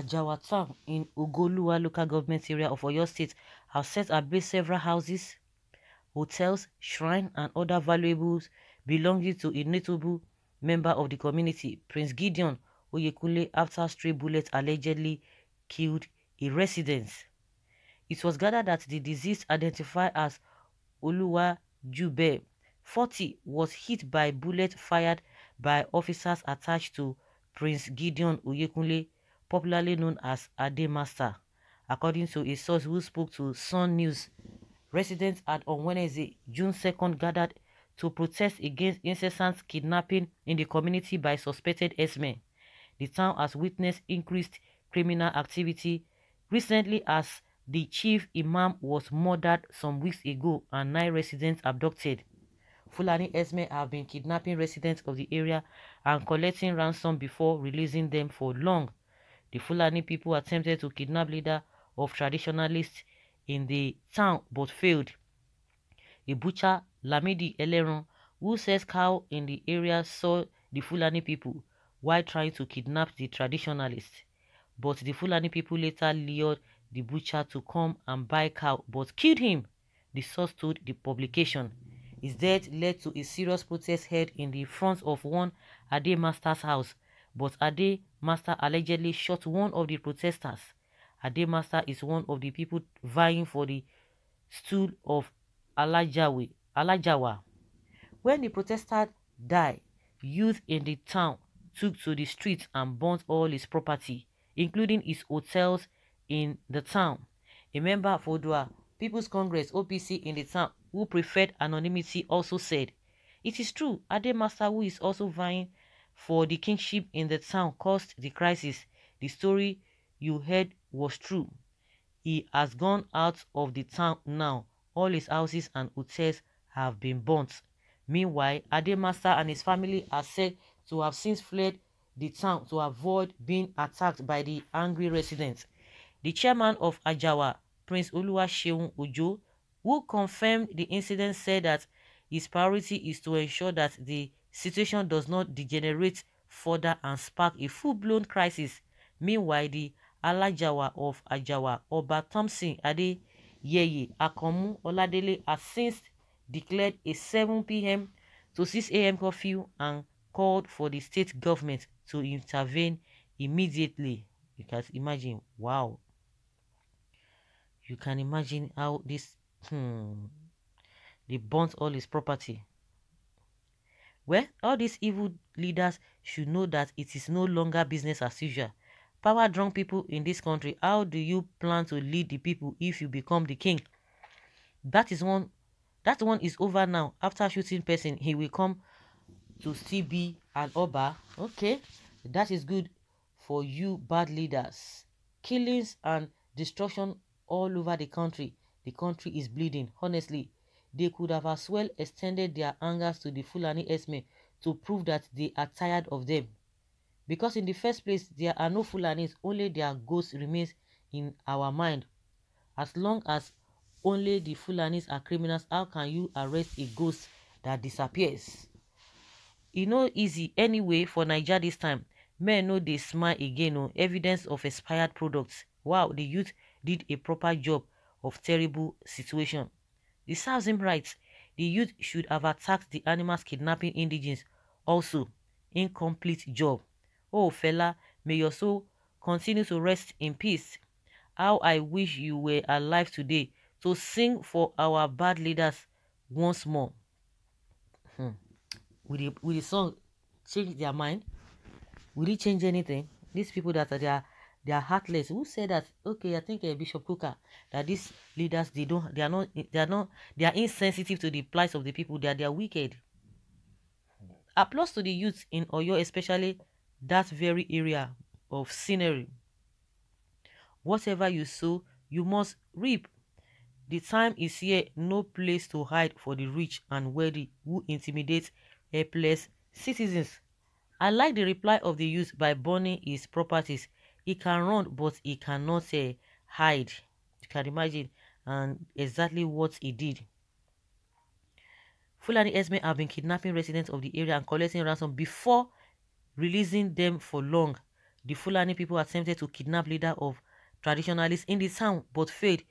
Ajawata in Ogoluwa local government area of Oyo State have set ablaze several houses, hotels, shrine and other valuables belonging to a notable member of the community, Prince Gideon Oyekunle, after stray bullets allegedly killed a resident. It was gathered that the deceased identified as Oluwa Jube, 40, was hit by bullet fired by officers attached to Prince Gideon Oyekunle popularly known as Ademasa. According to a source who spoke to Sun News, residents had on Wednesday, June 2nd, gathered to protest against incessant kidnapping in the community by suspected S-men. The town has witnessed increased criminal activity recently as the chief imam was murdered some weeks ago and nine residents abducted. Fulani Esme have been kidnapping residents of the area and collecting ransom before releasing them for long. The Fulani people attempted to kidnap leader of traditionalists in the town but failed. A butcher, Lamidi Eleron, who sells cow in the area saw the Fulani people while trying to kidnap the traditionalists. But the Fulani people later lured the butcher to come and buy cow but killed him. The source told the publication. His death led to a serious protest held in the front of one Ade master's house but Ade Master allegedly shot one of the protesters. Ade Master is one of the people vying for the stool of Alajawa. When the protester died, youth in the town took to the streets and burnt all his property, including his hotels in the town. A member for Dua People's Congress OPC in the town who preferred anonymity also said, It is true, Ade Master, who is also vying for the kingship in the town caused the crisis. The story you heard was true. He has gone out of the town now. All his houses and hotels have been burnt. Meanwhile, Ademasa and his family are said to have since fled the town to avoid being attacked by the angry residents. The chairman of Ajawa, Prince Oluwaseun Uju, who confirmed the incident said that his priority is to ensure that the situation does not degenerate further and spark a full-blown crisis. Meanwhile, the Alajawa of Ajawa, Oba Thompson Adeyeye Akomu Oladele has since declared a 7 p.m. to 6 a.m. curfew and called for the state government to intervene immediately. You can imagine, wow. You can imagine how this, hmm, they burnt all his property. Well, all these evil leaders should know that it is no longer business as usual. Power drunk people in this country, how do you plan to lead the people if you become the king? That is one that one is over now. After shooting person, he will come to CB and Oba. Okay, that is good for you bad leaders. Killings and destruction all over the country. The country is bleeding. Honestly, they could have as well extended their angers to the Fulani Esme to prove that they are tired of them. Because in the first place, there are no Fulanis, only their ghost remains in our mind. As long as only the Fulanis are criminals, how can you arrest a ghost that disappears? You no easy anyway for Nigeria this time men no they smile again o oh. evidence of expired products wow the youth did a proper job of terrible situation it serves him right. The youth should have attacked the animals kidnapping indigents. Also, incomplete job. Oh, fella, may your soul continue to rest in peace. How I wish you were alive today to sing for our bad leaders once more. Hmm. Will, the, will the song change their mind? Will it change anything? These people that are there they are heartless. Who said that? Okay, I think uh, Bishop Kuka that these leaders they don't they are not they are not they are insensitive to the plight of the people. They are they are wicked. Applause to the youth in Oyo, especially that very area of scenery. Whatever you sow, you must reap. The time is here, no place to hide for the rich and wealthy who intimidate helpless citizens. I like the reply of the youth by burning his properties he can run, but he cannot uh, hide. You can imagine, and exactly what he did. Fulani Esme have been kidnapping residents of the area and collecting ransom before releasing them for long. The Fulani people attempted to kidnap leader of traditionalists in the town but failed.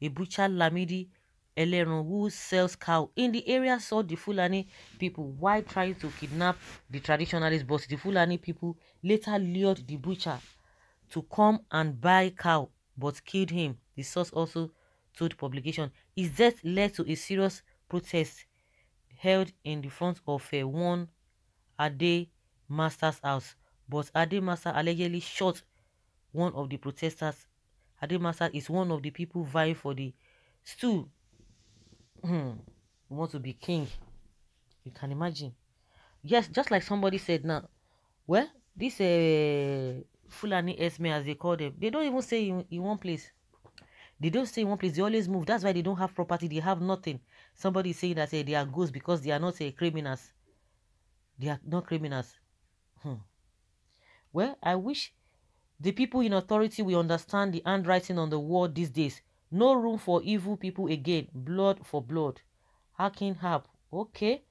A butcher Lamidi Eleron who sells cow in the area saw the Fulani people while trying to kidnap the traditionalists but the Fulani people later lured the butcher to come and buy cow but killed him, the source also told the publication. His death led to a serious protest held in the front of a eh, one Ade Master's house, but Ade Master allegedly shot one of the protesters. Ade Master is one of the people vying for the stool. Hmm, want to be king. You can imagine. Yes, just like somebody said now. Well, this uh, Fulani Esme, as they call them, they don't even stay in, in one place. They don't stay in one place. They always move. That's why they don't have property. They have nothing. Somebody is saying that eh, they are ghosts because they are not say eh, criminals. They are not criminals. Hmm. Well, I wish the people in authority will understand the handwriting on the wall these days. No room for evil people again. Blood for blood. Hacking up. Okay.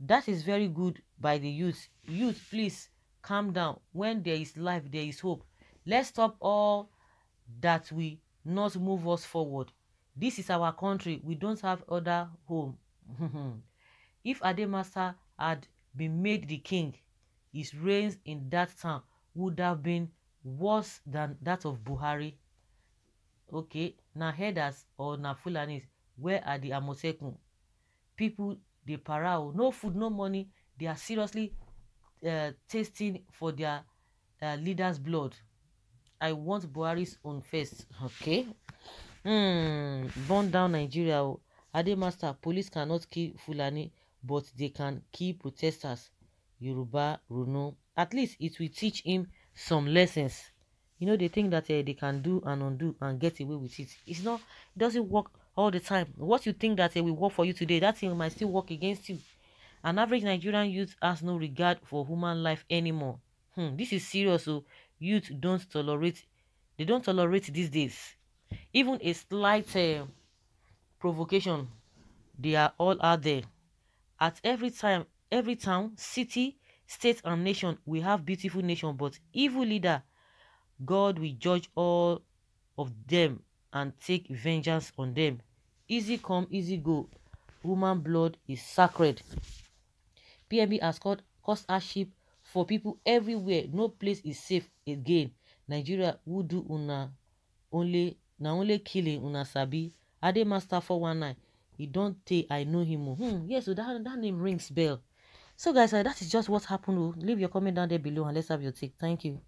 That is very good by the youth. Youth, please calm down when there is life there is hope let's stop all that we not move us forward this is our country we don't have other home if Ademasa had been made the king his reign in that town would have been worse than that of Buhari okay na herders or na Fulanis where are the Amotekun people dey para o no food no money they are seriously uh, tasting for their uh, leader's blood. I want Buhari's own face. Okay. Hmm. burn down Nigeria. Ademaster, police cannot kill Fulani, but they can kill protesters. Yoruba Runo. At least it will teach him some lessons. You know, they think that uh, they can do and undo and get away with it. It's not, it doesn't work all the time. What you think that uh, will work for you today, that thing might still work against you. An average Nigerian youth has no regard for human life anymore. Hmm, this is serious. So oh. youth don't tolerate. They don't tolerate these days. Even a slight uh, provocation, they are all out there. At every time, every town, city, state, and nation, we have beautiful nation, but evil leader. God will judge all of them and take vengeance on them. Easy come, easy go. Human blood is sacred. PMB has caused, caused hardship for people everywhere. No place is safe again. Nigeria would do una only na only killing una sabi. Ade Master night? He don't say I know him. Oh. Hmm, yes, so oh, that, that name rings bell. So guys, uh, that is just what happened. Oh. Leave your comment down there below and let's have your take. Thank you.